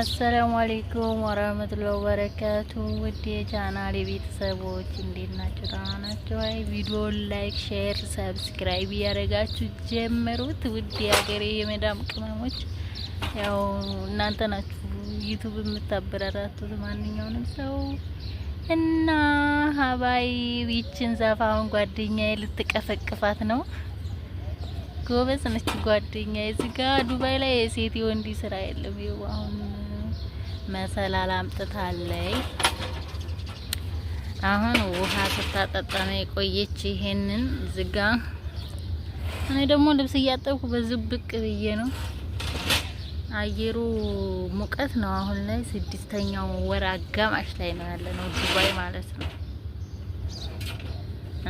አሰላሙ አሌይኩም ወረህመቱላሂ ወበረካቱ ውድ የቻናሌ ቤተሰቦች እንዴት ናቸው? ደህና ናቸው? አይ ቪዲዮን ላይክ፣ ሼር፣ ሰብስክራይብ እያደረጋችሁ ጀመሩት። ውድ የሀገሬ የመዳም ቅመሞች ያው እናንተ ናችሁ ዩቱብ የምታበረታቱት ማንኛውንም ሰው እና ሀባይ ይችን ዛፍ አሁን ጓደኛዬ ልትቀፈቅፋት ነው። ጎበዝ ነች ጓደኛዬ። እዚህ ጋ ዱባይ ላይ የሴት የወንድ ስራ የለም። ይኸው አሁን መሰላል አምጥታለይ። አሁን ውሃ ስታጠጣ ነው የቆየች። ይሄንን ዝጋ። እኔ ደግሞ ልብስ እያጠብኩ በዝብቅ ብዬ ነው። አየሩ ሙቀት ነው። አሁን ላይ ስድስተኛው ወር አጋማሽ ላይ ነው ያለ ነው ዱባይ ማለት ነው።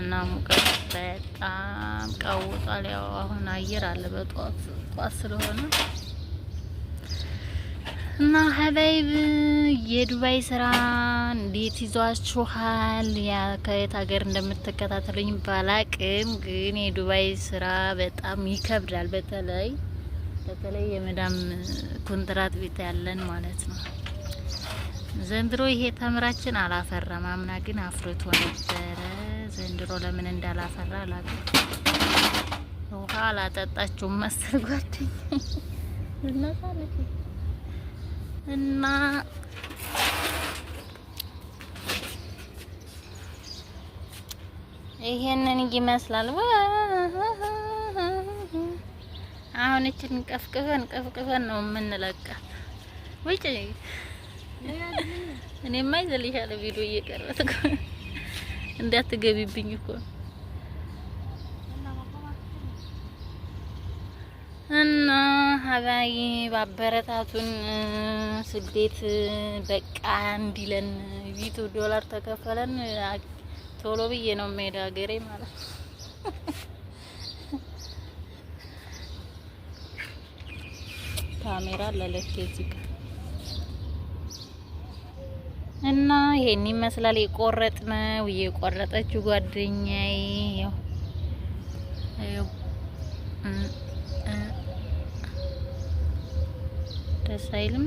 እና ሙቀት በጣም ቀውጧል። ያው አሁን አየር አለ በጧት ጧት ስለሆነ እና ሀበይብ የዱባይ ስራ እንዴት ይዟችኋል? ከየት ሀገር እንደምትከታተሉኝ ባላቅም፣ ግን የዱባይ ስራ በጣም ይከብዳል። በተለይ በተለይ የመዳም ኮንትራት ቤት ያለን ማለት ነው። ዘንድሮ ይሄ ተምራችን አላፈራም። አምና ግን አፍርቶ ነበረ። ዘንድሮ ለምን እንዳላፈራ አላውቅም። ውሃ አላጠጣችሁም መሰል ጓደኛ እና ይሄንን ይመስላል። አሁን እችን ቀፍቅፈን ቀፍቅፈን ነው የምንለቃት። ወጭ እኔማ ይዘልሻለሁ ቪዲዮ እየቀረጥኩ እንዳትገቢብኝ እኮ አባይ ባበረታቱን። ስደት በቃ እንዲለን ቪቱ ዶላር ተከፈለን ቶሎ ብዬ ነው የምሄድ ሀገሬ ማለት ነው። ካሜራ ለለኬ እዚህ እና ይሄን ይመስላል የቆረጥ ነው የቆረጠችው ጓደኛዬ ያው ደስ አይልም።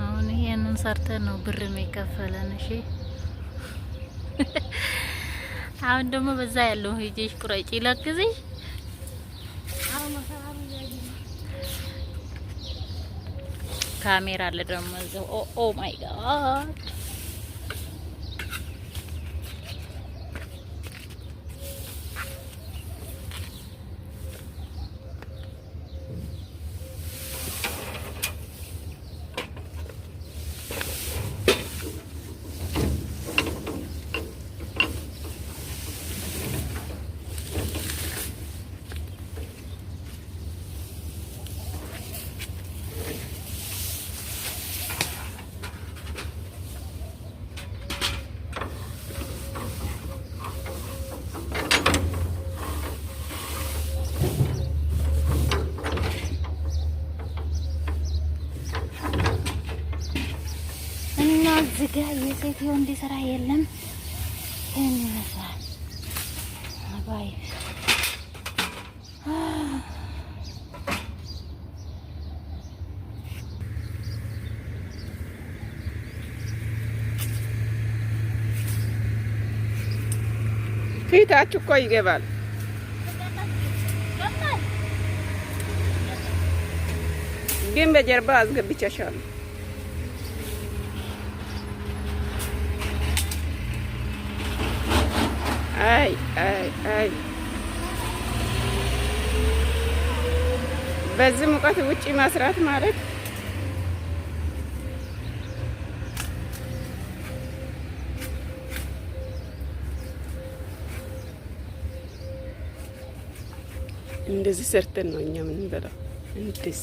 አሁን ይሄንን ሰርተን ነው ብር የሚከፈለን። እሺ አሁን ደግሞ በዛ ያለው ሂጂሽ ቁረጪ ለግዝሽ ካሜራ አለ ደግሞ ኦ ኦ ማይ ጋድ ቤት ይኸው እንዲሰራ የለም። ይህን ይመስላል አባይ ፊታችሁ እኮ ይገባል። ግን በጀርባ አስገብቻሻለሁ። አይ አይ አይ በዚህ ሙቀት ውጪ መስራት ማለት እንደዚህ ሰርተን ነው እኛ የምንበላው እንደዚህ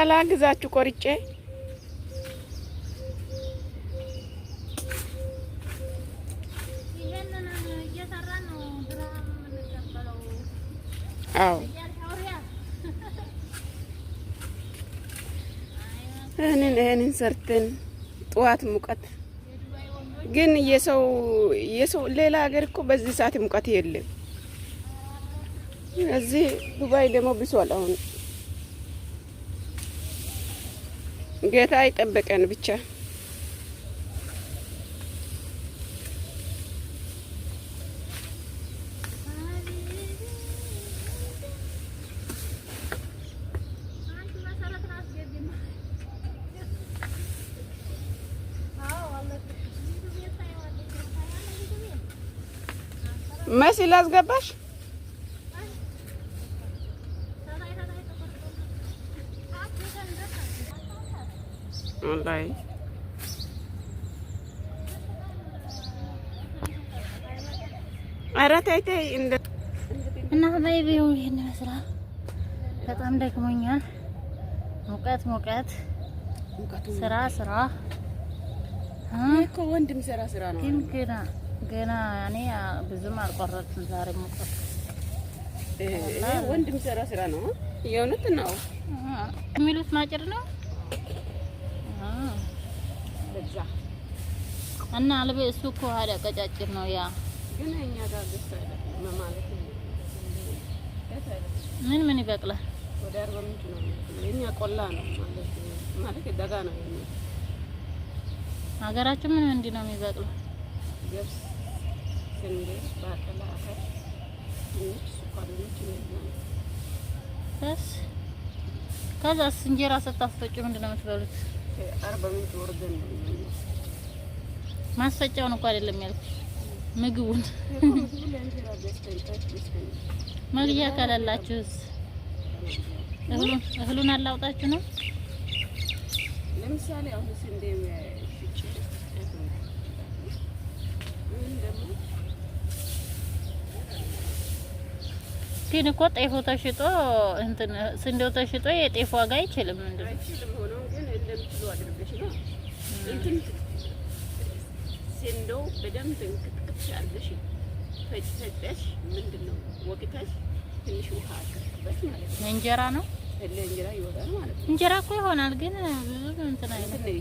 አላግዛችሁ ቆርጬ አዎ እህንን እህንን ሰርተን ጠዋት ሙቀት ግን የሰው የሰው ሌላ ሀገር እኮ በዚህ ሰዓት ሙቀት የለም። እዚህ ዱባይ ደግሞ ብሷል አሁን። ጌታ አይጠበቀን ብቻ። መሲ ላስገባሽ። Vallahi. ኧረ ተይ ተይ እንደ እና ሀባይቢ ይሄን ይመስላል። በጣም ደክሞኛል። ሙቀት ሙቀት ስራ ስራ እኮ ወንድም ስራ ስራ ነው። ግን ገና ገና እኔ ብዙም አልቆረጥም ዛሬ ሙቀት ወንድም ስራ ስራ ነው። የእውነት ነው የሚሉት ማጭር ነው። ለዛ እና አልበ እሱ እኮ ሀዳ ቀጫጭር ነው። ያ ግን እኛ ጋር ደስ አይደለም ማለት ነው። ምን ምን ይበቅላል? ወደ አርባ ምንጭ ነው የኛ ቆላ ነው ማለት ደጋ ነው። ሀገራችን ምን እንዲህ ነው የሚበቅለው? ገብስ፣ ስንዴ፣ ባቄላ፣ አተር፣ ድንች፣ ስኳር ድንች ከዛስ እንጀራ ስታስፈጩ ምንድን ነው የምትበሉት? ማስፈጫውን እኮ አይደለም ያልኩሽ፣ ምግቡን መግዣ ካላላችሁስ እህሉን አላውጣችሁ ነው። ለምሳሌ አሁን ስንዴ ግን እኮ ጤፎ ተሽጦ እንትን ስንዴው ተሽጦ የጤፉ ዋጋ አይችልም ምንድነው? ለብሎ አድርገሽ ነው እንትን ሴንዶው በደንብ እንቅጥቅጥሽ አድርገሽ ፈጭፈጨሽ ምንድን ነው ወቅተሽ ትንሽ ውሃ ማለት ነው። እንጀራ ነው ይወጣል ማለት ነው። እንጀራ እኮ ይሆናል፣ ግን ብዙ እንትን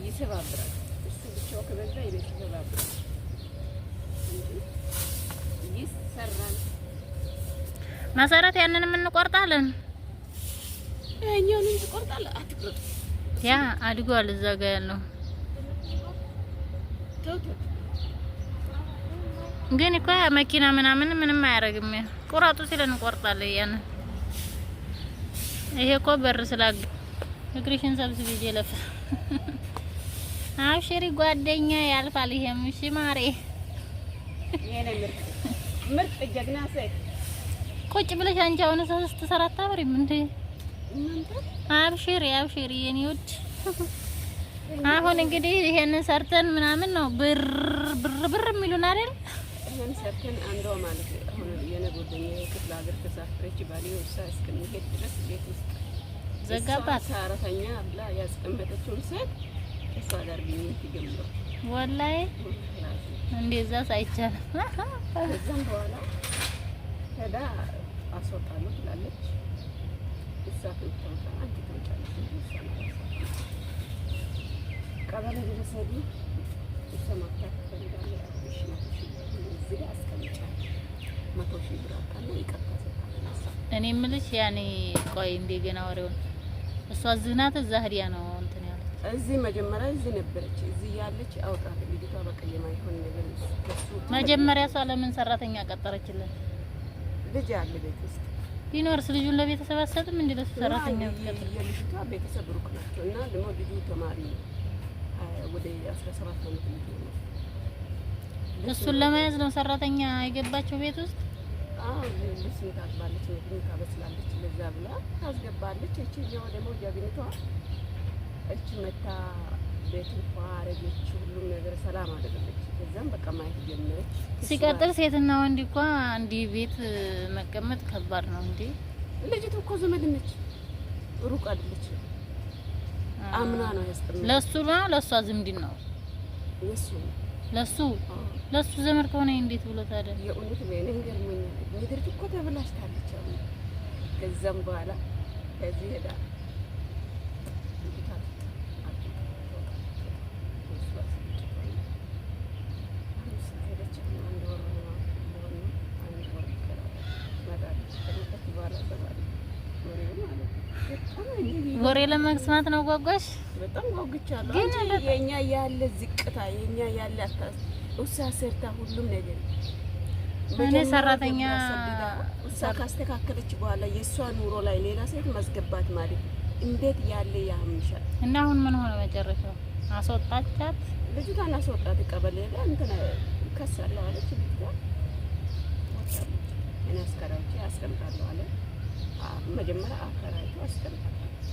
ይሰባብራል። እሱ ብቻው ከበዛ ይሰባብራል፣ መሰረት ያንን እንቆርጣለን፣ እኛውን እንቆርጣለን። አትቁረጥ ያ አድጓል። እዛ ጋ ያለው ግን እኮ መኪና ምናምን ምንም አያደርግም። ቁረጡ ሲለን እንቆርጣለን። ያንን ይሄ እኮ በር ስላግ እግሪሽን ሰብስብ ይዤ ለፈ አብሽሪ ጓደኛ ያልፋል። ይሄም እሺ ማሬ ቁጭ ብለሽ አንቺ አሁን ሰው ስትሰራ አታብሪም እንዴ? አብሽሪ አብሽሪ የኔ ውድ። አሁን እንግዲህ ይሄንን ሰርተን ምናምን ነው ብር ብር ብር የሚሉን አይደል? ይሄን ሰርተን አንዷ ማለት አሁን የኔ ጓደኛዬ ክፍለ ሀገር ተሳፍረች ባሌ ወሳ እስከሚሄድ ድረስ ቤት ውስጥ ዘጋባት። አራተኛ ብላ ያስቀመጠችውን ሴት እሷ ጋር ግንኙነት ይጀምራል። ወላይ እንደዛ ሳይቻል ከዛም በኋላ ሄዳ አስወጣለሁ ትላለች ቀበሌ ድረስ ሄደን ማፍታት ትፈልጋለህ? መቶ ሺህ ብር እኔ የምልሽ ያኔ ቆይ እንደገና ወሬውን እሷ እዚህ ናት፣ እዛ ህዲያ ነው እንትን ያለች። እዚህ መጀመሪያ እዚህ ነበረች። እዚህ ያለች አውጣት ልጅቷ በቃ የማይሆን ነገር። መጀመሪያ እሷ ለምን ሰራተኛ ቀጠረችልን? ልጅ አለ ቤት ውስጥ ቢኖርስ ልጁን ለቤተሰብ አሰጥም እንዴ? ለሱ ሰራተኛ ልጅቷ ቤተሰብ ሩቅ ናቸው እና ደግሞ ልጁ ተማሪ ወደ ዓመት ነው። እሱን ለመያዝ ነው ሰራተኛ የገባቸው ቤት ውስጥ። አዎ ታጥባለች፣ ምግብ ታበስላለች፣ ለዛ ብላ ታስገባለች። እቺ ደግሞ ጀግኒቷ እቺ መታ ቤት እንኳ አረገች፣ ሁሉም ነገር ሰላም አደረገች። ከዛም በቃ ማየት ጀመረች። ሲቀጥል ሴትና ወንድ እንኳ እንዲህ ቤት መቀመጥ ከባድ ነው እንዴ! ልጅቱ እኮ ዘመድ ነች፣ ሩቅ አይደለች። አምና ነው ያስቀመጠ። ለሱ ነው ለሷ ዝምድን ነው ለሱ ለሱ ለሱ ዘመድ ከሆነ እንዴት ብሎ ታዲያ? የእውነት በእኔ ገርሞኛል። ምድር እኮ ተብላሽታለች። ከዛም በኋላ ከዚህ ሄዳ ጎርጎሬ ለመስማት ነው ጓጓሽ? በጣም ጓጉቻለሁ። የኛ ያለ ዝቅታ የኛ ያለ አታስ ውሳ ሰርታ ሁሉም ነገር እኔ ሰራተኛ ውሳ ካስተካከለች በኋላ የእሷ ኑሮ ላይ ሌላ ሴት ማስገባት ማለት እንዴት ያለ ያምሻል። እና አሁን ምን ሆነ መጨረሻው? አስወጣቻት። ልጅቷን አስወጣት። ቀበሌ ላይ እንትን ከሳለሁ አለች። ልጅቷ እኔ አስከራጭ አስቀምጣለሁ አለ። መጀመሪያ አከራይቶ አስቀምጣለሁ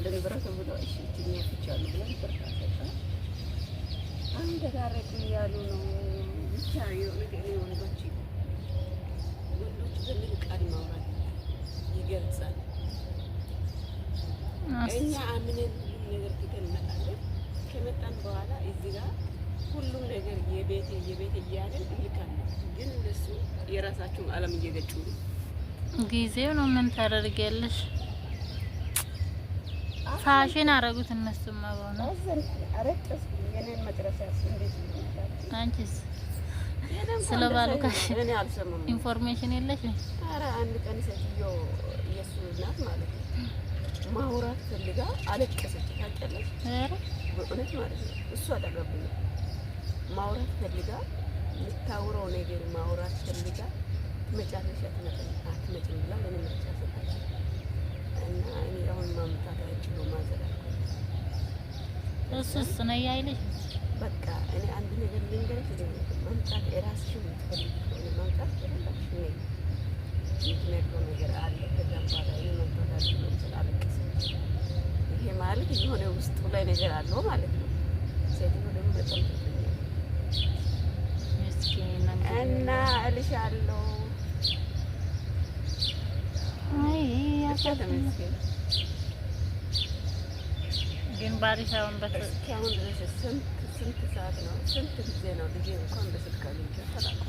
ለንብረቱ ብሎ እሺ ትኛ ብቻሉ ብለን ብር አንድ ታረቁ እያሉ ነው። ብቻ የሆነ ግን ወንዶች ወንዶች በምን ቃል ማውራት ይገልጻል? እኛ አምነን ሁሉም ነገር ትተን እንመጣለን። ከመጣን በኋላ እዚህ ጋር ሁሉም ነገር የቤቴ የቤቴ እያለን እንልካለን። ግን እነሱ የራሳቸውን ዓለም እየገጩ ነው። ጊዜው ነው። ምን ታደርጊያለሽ? ፋሽን አረጉት እነሱማ። አንቺስ ስለ ባሉ ካሽ ኢንፎርሜሽን የለሽ? ኧረ አንድ ቀን ሴትዮ ማለት ነው ማውራት ፈልጋ አለቀሰች። ታውቂያለሽ? በእውነት ማለት ነው እሱ ማውራት ፈልጋ የምታውረው ነገር ማውራት ፈልጋ አትመጭም ብላ ለእኔ እና እኔ አሁን ማምጣት አይችልም። ማዘር እሱስ ነው ያይልሽ። በቃ እኔ አንድ ነገር ልንገርሽ፣ ማምጣት የራስሽ የምትፈልግ ከሆነ ማምጣት የራስሽ የምትነግረው ነገር አለ። ከዛ በኋላ እኔ ማምጣት አልችልም ስላለቀሰ ይሄ ማለት የሆነ ውስጡ ላይ ነገር አለው ማለት ነው። ሴትዮ ደግሞ በጣም እና እልሻለሁ ግንባሪሽ አሁን እስካሁን ስንት ሰዓት ነው? ስንት ጊዜ ነው? ልጄ እንኳን በስልክ